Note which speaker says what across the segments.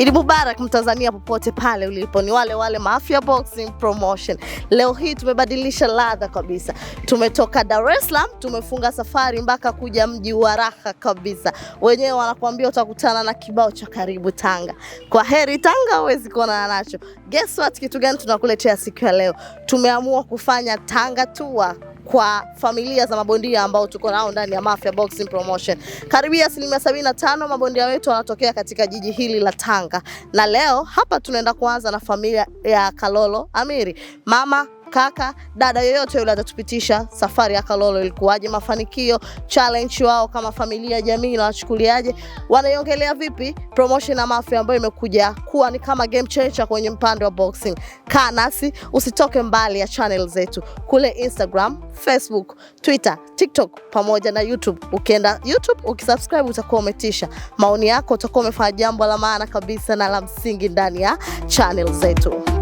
Speaker 1: Idi Mubarak Mtanzania popote pale ulipo, ni wale wale Mafia Boxing Promotion. Leo hii tumebadilisha ladha kabisa, tumetoka Dar es Salaam, tumefunga safari mpaka kuja mji wa raha kabisa. Wenyewe wanakuambia utakutana na kibao cha karibu Tanga. Kwa heri Tanga huwezi kuonana nacho. Guess what, kitu gani tunakuletea siku ya leo? Tumeamua kufanya Tanga tour kwa familia za mabondia ambao tuko nao ndani ya Mafia Boxing Promotion. Karibia asilimia 75 mabondia wetu wanatokea katika jiji hili la Tanga, na leo hapa tunaenda kuanza na familia ya Kalolo Amiri mama kaka, dada yoyote yule atatupitisha safari ya Kalolo ilikuwaje, mafanikio, challenge wao kama familia, jamii inawachukuliaje, wanaiongelea vipi promotion na Mafia ambayo imekuja kuwa ni kama game changer kwenye mpande wa boxing. Kaa nasi, usitoke mbali ya channel zetu kule Instagram, Facebook, Twitter, TikTok pamoja na YouTube. Ukienda YouTube ukisubscribe, utakuwa umetisha. Maoni yako utakuwa umefanya jambo la maana kabisa na la msingi ndani ya channel zetu.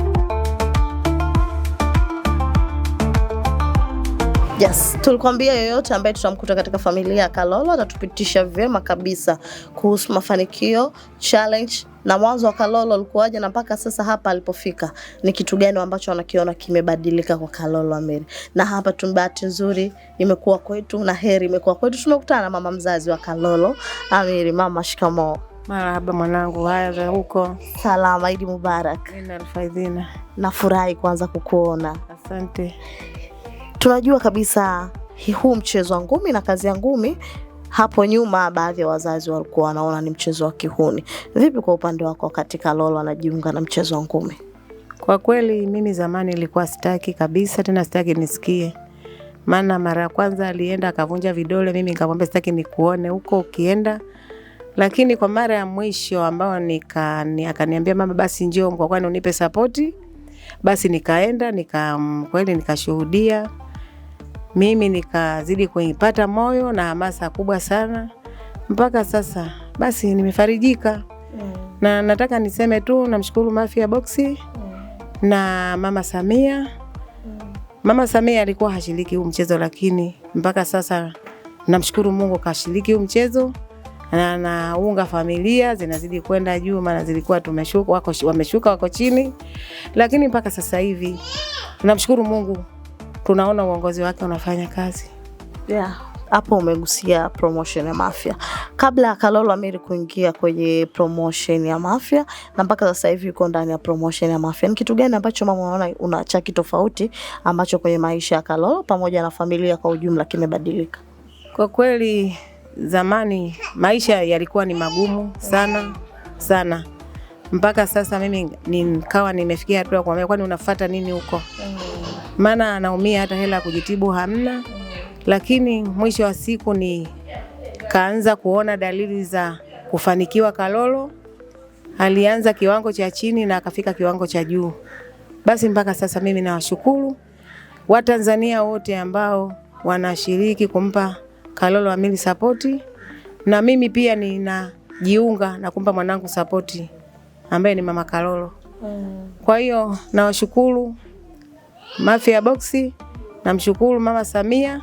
Speaker 1: Yes, tulikwambia yoyote ambaye tutamkuta katika familia ya Kalolo atatupitisha vyema kabisa kuhusu mafanikio, challenge na mwanzo wa Kalolo alikuwaje na mpaka sasa hapa alipofika, ni kitu gani ambacho anakiona kimebadilika kwa Kalolo Amiri. Na hapa tuna bahati nzuri imekuwa kwetu na heri imekuwa kwetu, tumekutana na mama mzazi wa Kalolo Amiri. Mama, shikamoo.
Speaker 2: Marahaba mwanangu, haya za huko
Speaker 1: salama? Idi Mubarak. Nafurahi kwanza kukuona, asante. Tunajua kabisa huu mchezo wa ngumi na kazi ya ngumi hapo nyuma baadhi ya wazazi walikuwa wanaona ni mchezo wa kihuni. Vipi kwa upande wako wakati Kalolo anajiunga na mchezo wa ngumi?
Speaker 2: Kwa kweli mimi zamani nilikuwa sitaki kabisa, tena sitaki nisikie. Maana mara ya kwanza alienda akavunja vidole, mimi nikamwambia sitaki nikuone huko ukienda. Lakini kwa mara ya mwisho ambao nika akaniambia mama, basi njoo kwa kwani unipe sapoti, basi nikaenda nika kweli nikashuhudia mimi nikazidi kuipata moyo na hamasa kubwa sana mpaka sasa. Basi nimefarijika mm. na nataka niseme tu namshukuru Mafia Boksi mm. na mama Samia mm. mama Samia alikuwa hashiriki huu mchezo, lakini mpaka sasa namshukuru Mungu kashiriki huu mchezo na naunga familia zinazidi kwenda juu, maana zilikuwa tumeshuka, wako, wameshuka wako chini, lakini mpaka sasa hivi namshukuru Mungu tunaona uongozi wake unafanya kazi
Speaker 1: yeah. Hapo umegusia promotion ya Mafia kabla ya Kalolo Amiri kuingia kwenye promotion ya Mafia na mpaka sasa hivi yuko ndani ya promotion ya Mafia. Ni kitu gani ambacho mama unaona una cha kitofauti ambacho kwenye maisha ya Kalolo pamoja na familia kwa ujumla kimebadilika?
Speaker 2: Kwa kweli, zamani maisha yalikuwa ni magumu sana sana, mpaka sasa mimi nikawa nimefikia hatua kwambia, kwani unafuata nini huko? Mm maana anaumia hata hela ya kujitibu hamna. Lakini mwisho wa siku ni kaanza kuona dalili za kufanikiwa. Kalolo alianza kiwango cha chini na akafika kiwango cha juu. Basi mpaka sasa mimi nawashukuru Watanzania wote ambao wanashiriki kumpa Kalolo Amili sapoti, na mimi pia ninajiunga na kumpa mwanangu sapoti ambaye ni mama Kalolo. Mm. Kwa hiyo nawashukuru Mafia Boksi, namshukuru Mama Samia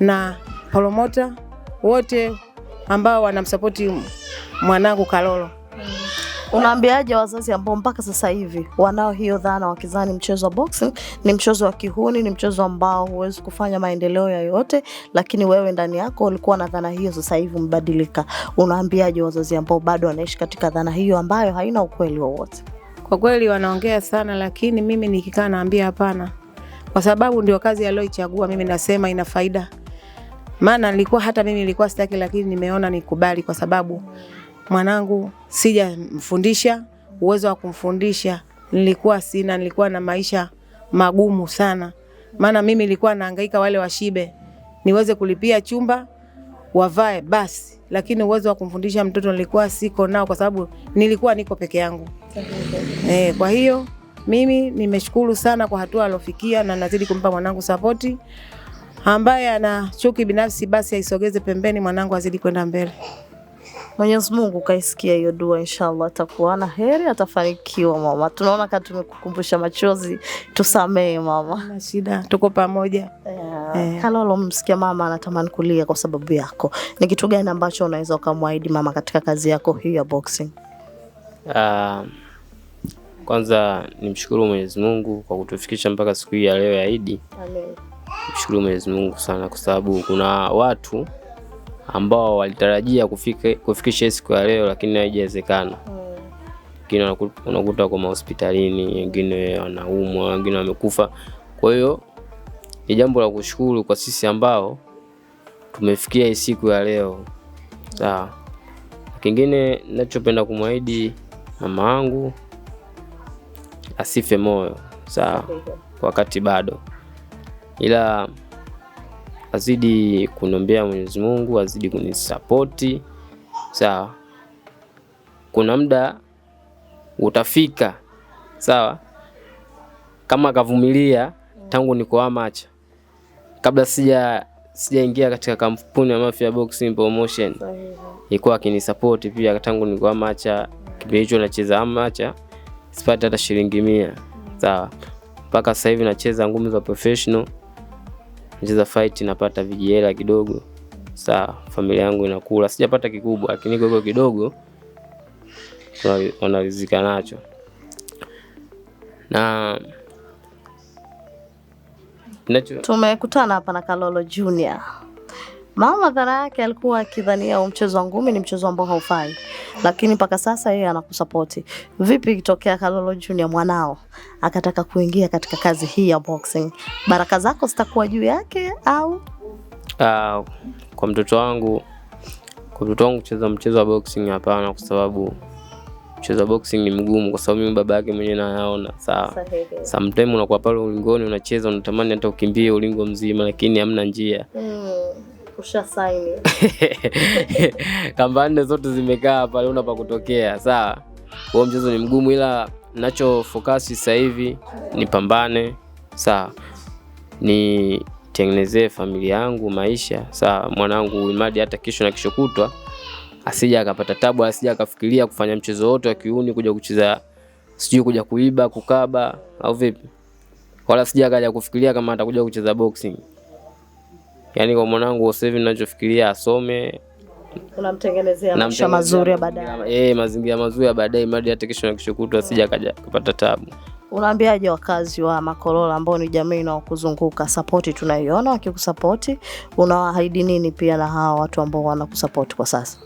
Speaker 2: na promota wote ambao wanamsapoti mwanangu Kalolo.
Speaker 1: Unaambiaje wazazi ambao mpaka sasa hivi wanao hiyo dhana, wakizani mchezo wa boxing ni mchezo wa kihuni, ni mchezo ambao huwezi kufanya maendeleo yoyote, lakini wewe ndani yako ulikuwa na dhana hiyo, sasa hivi umebadilika. Unaambiaje wazazi ambao bado wanaishi katika dhana hiyo ambayo haina ukweli wowote?
Speaker 2: Kwa kweli wanaongea sana, lakini mimi nikikaa naambia hapana, kwa sababu ndio kazi aliyoichagua. Mimi nasema ina faida, maana nilikuwa hata mimi nilikuwa sitaki, lakini nimeona nikubali, kwa sababu mwanangu sijamfundisha, uwezo wa kumfundisha nilikuwa sina, nilikuwa na maisha magumu sana, maana mimi nilikuwa naangaika wale washibe niweze kulipia chumba wavae basi, lakini uwezo wa kumfundisha mtoto nilikuwa siko nao, kwa sababu nilikuwa niko peke yangu. E, kwa hiyo mimi nimeshukuru sana kwa hatua alofikia na nazidi kumpa mwanangu sapoti. Ambaye ana chuki binafsi basi aisogeze pembeni, mwanangu azidi kwenda mbele.
Speaker 1: Mwenyezi Mungu kaisikia hiyo dua, inshallah atakuwa na heri, atafanikiwa mama. Tunaona kama tumekukumbusha machozi, tusamee mama,
Speaker 2: shida, tuko pamoja yeah.
Speaker 1: Yeah. Kalolo, msikia mama anatamani kulia kwa sababu yako, ni kitu gani ambacho unaweza ukamwahidi mama katika kazi yako hii ya boxing? Um.
Speaker 3: Kwanza nimshukuru Mwenyezi Mungu kwa kutufikisha mpaka siku hii ya leo ya Idi. Nimshukuru Mwenyezi Mungu sana kwa sababu kuna watu ambao walitarajia kufika, kufikisha siku ya leo lakini haijawezekana. Hmm. Wengine mm. unakuta kwa mahospitalini, wengine wanaumwa, wengine wamekufa. Kwa hiyo ni jambo la kushukuru kwa sisi ambao tumefikia hii siku ya leo. Sawa. Kingine ninachopenda kumwahidi mama angu asife moyo, sawa, wakati bado, ila azidi kuniombea Mwenyezi Mungu, azidi kunisapoti sawa. Kuna muda utafika sawa, kama akavumilia tangu niko Amacha, kabla sija sijaingia katika kampuni ya Mafia Boxing Promotion, ilikuwa akinisapoti pia tangu niko Amacha, Kipindi hicho nacheza amacha sipati hata shilingi mia. Sawa, mpaka sasa hivi nacheza ngumi za professional, nacheza fight, napata vijihela kidogo. Sawa, familia yangu inakula, sijapata kikubwa, lakini hiko kidogo wanarizika nacho na
Speaker 1: Tumekutana hapa na Kalolo Junior. Mama madhara yake alikuwa akidhania mchezo wa ngumi ni mchezo ambao haufai, lakini mpaka sasa yeye anakusapoti. Vipi ikitokea Kalolo Junior mwanao akataka kuingia katika kazi hii ya boxing, baraka zako zitakuwa juu yake au?
Speaker 3: Uh, kwa mtoto wangu, kwa mtoto wangu kucheza mchezo wa boxing hapana, kwa sababu mchezo wa boxing ni mgumu, kwa sababu mimi baba yake mwenyewe nayaona. Sawa, sometimes unakuwa pale ulingoni unacheza, unatamani hata ukimbie ulingo mzima, lakini hamna njia mm
Speaker 1: usha saini
Speaker 3: kamba nne zote zimekaa pale, una pa kutokea. Sawa, huo mchezo ni mgumu, ila nacho fokasi sasa hivi nipambane, sawa, nitengenezee familia yangu maisha, sawa, mwanangu Imadi hata kesho na kesho kutwa asija akapata tabu, asija akafikiria kufanya mchezo wote wa kiuni kuja kucheza sijui kuja kuiba kukaba au vipi, wala sija akaja kufikiria kama atakuja kucheza boxing yani kwa mwanangu sasa hivi ninachofikiria asome,
Speaker 1: unamtengenezea mazuri ya baadaye,
Speaker 3: eh, mazingira mazuri ya baadaye, mradi hata kesho na kesho kutwa asija kaja kupata tabu.
Speaker 1: Unaambiaje wakazi wa Makolola ambao ni jamii inaokuzunguka? Sapoti tunaiona wakikusapoti, unawaahidi nini pia na hawa watu ambao wanakusapoti kwa sasa?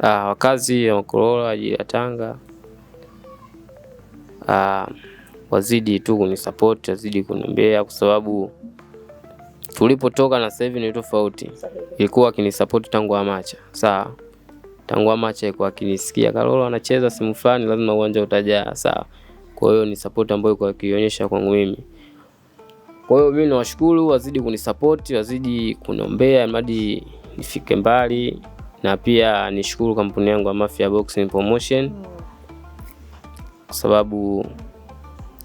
Speaker 3: Ah, wakazi wa Makolola, ajili ya Tanga, ah, wazidi tu kunisapoti, wazidi kuniombea kwa sababu tulipotoka na sasa hivi ni tofauti. Ilikuwa akinisupport tangu amacha, sawa. Tangu amacha ilikuwa akinisikia Karolo anacheza simu fulani, lazima uwanja utajaa, sawa. Kwa hiyo ni support ambayo ilikuwa akionyesha kwangu mimi. Kwa hiyo mimi nawashukuru, wazidi kunisupport, wazidi kuniombea hadi nifike mbali, na pia nishukuru kampuni yangu ya Mafia Boxing Promotion kwa sababu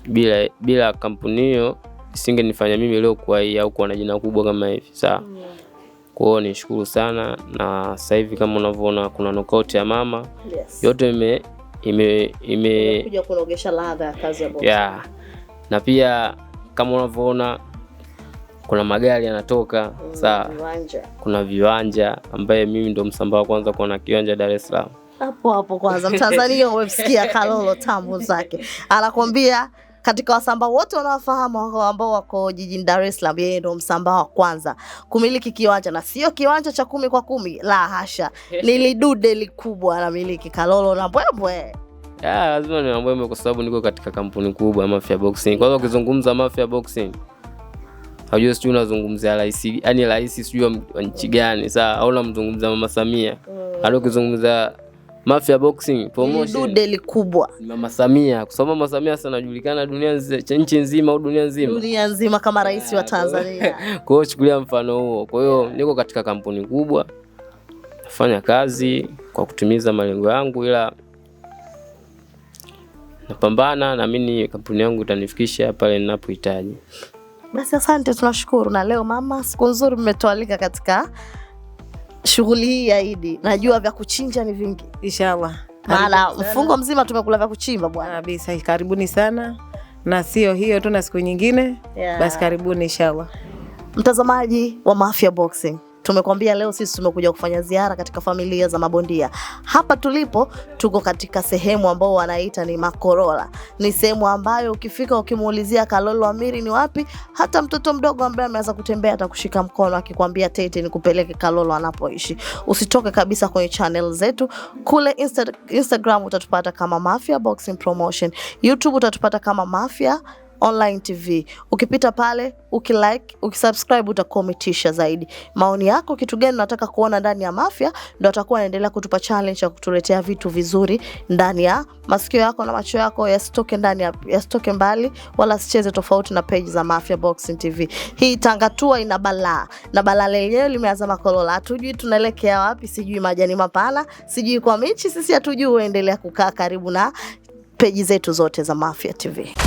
Speaker 3: bila, bila kampuni hiyo isingenifanya mimi leo kuwa hii au kuwa na jina kubwa kama hivi sawa. Mm. Kwao nishukuru sana, na sasa hivi kama unavyoona kuna knockout ya mama yes. yote ime ime
Speaker 1: kuja kunogesha ladha ya kazi ya boxing
Speaker 3: yeah. na pia kama unavyoona kuna magari yanatoka mm, sawa, kuna viwanja ambaye mimi ndo msambaa kwanza kuona kiwanja Dar es Salaam
Speaker 1: hapo hapo. Kwanza Mtanzania umemsikia Kalolo tambo zake anakwambia katika Wasamba wote wanaofahamu ambao wako jijini Dar es Salaam, yeye ndo Msamba wa kwanza kumiliki kiwanja, na sio kiwanja cha kumi kwa kumi, la hasha, nilidude likubwa na miliki Kalolo na Mbwembwe.
Speaker 3: Yeah, lazima ni Mbwembwe kwa sababu niko katika kampuni kubwa ya Mafia Boxing. Kwanza ukizungumza Mafia Boxing hajua sijui unazungumzia rais, yani rais sijui wa nchi gani, saa au unamzungumza Mama Samia, mm. hadi ukizungumza Mafia Boxing Promotion.
Speaker 1: Dude likubwa.
Speaker 3: Mama Samia. Kwa sababu Mama Samia sasa anajulikana dunia nchi nzima au dunia nzima.
Speaker 1: Dunia nzima kama rais wa Tanzania.
Speaker 3: Kwa hiyo chukulia mfano huo. Kwa hiyo niko katika kampuni kubwa nafanya kazi kwa kutimiza malengo yangu, ila napambana, naamini kampuni yangu itanifikisha pale ninapohitaji.
Speaker 1: Basi asante, tunashukuru. Na leo mama, siku nzuri, mmetualika katika shughuli hii ya Idi, najua vya kuchinja ni vingi inshallah, maana mfungo mzima tumekula vya kuchimba bwana
Speaker 2: kabisa. Karibuni sana, na sio hiyo tu, na siku nyingine yeah. Basi karibuni inshallah,
Speaker 1: mtazamaji wa Mafia Boxing. Tumekwambia leo sisi tumekuja kufanya ziara katika familia za mabondia. Hapa tulipo tuko katika sehemu ambao wanaita ni Makorola. Ni sehemu ambayo ukifika ukimuulizia Kalolo Amiri ni wapi, hata mtoto mdogo ambaye ameanza kutembea atakushika mkono akikwambia Tete nikupeleke Kalolo anapoishi. Usitoke kabisa kwenye channel zetu. Kule Insta Instagram utatupata kama Mafia Boxing Promotion. YouTube utatupata kama Mafia Online TV. Ukipita pale, ukilike, ukisubscribe utakuwa umetisha zaidi. Maoni yako, kitu gani unataka kuona ndani ya Mafia, ndo atakuwa anaendelea kutupa challenge ya kutuletea vitu vizuri ndani ya masikio yako na macho yako yasitoke ndani ya, yasitoke mbali wala sicheze tofauti na page za Mafia Boxing TV. Hii tangatua ina balaa na balaa lenyewe limeazama kolola. Hatujui tunaelekea wapi, sijui majani mapana, sijui kwa michi, sisi hatujui. Uendelea kukaa karibu na peji zetu zote za Mafia TV.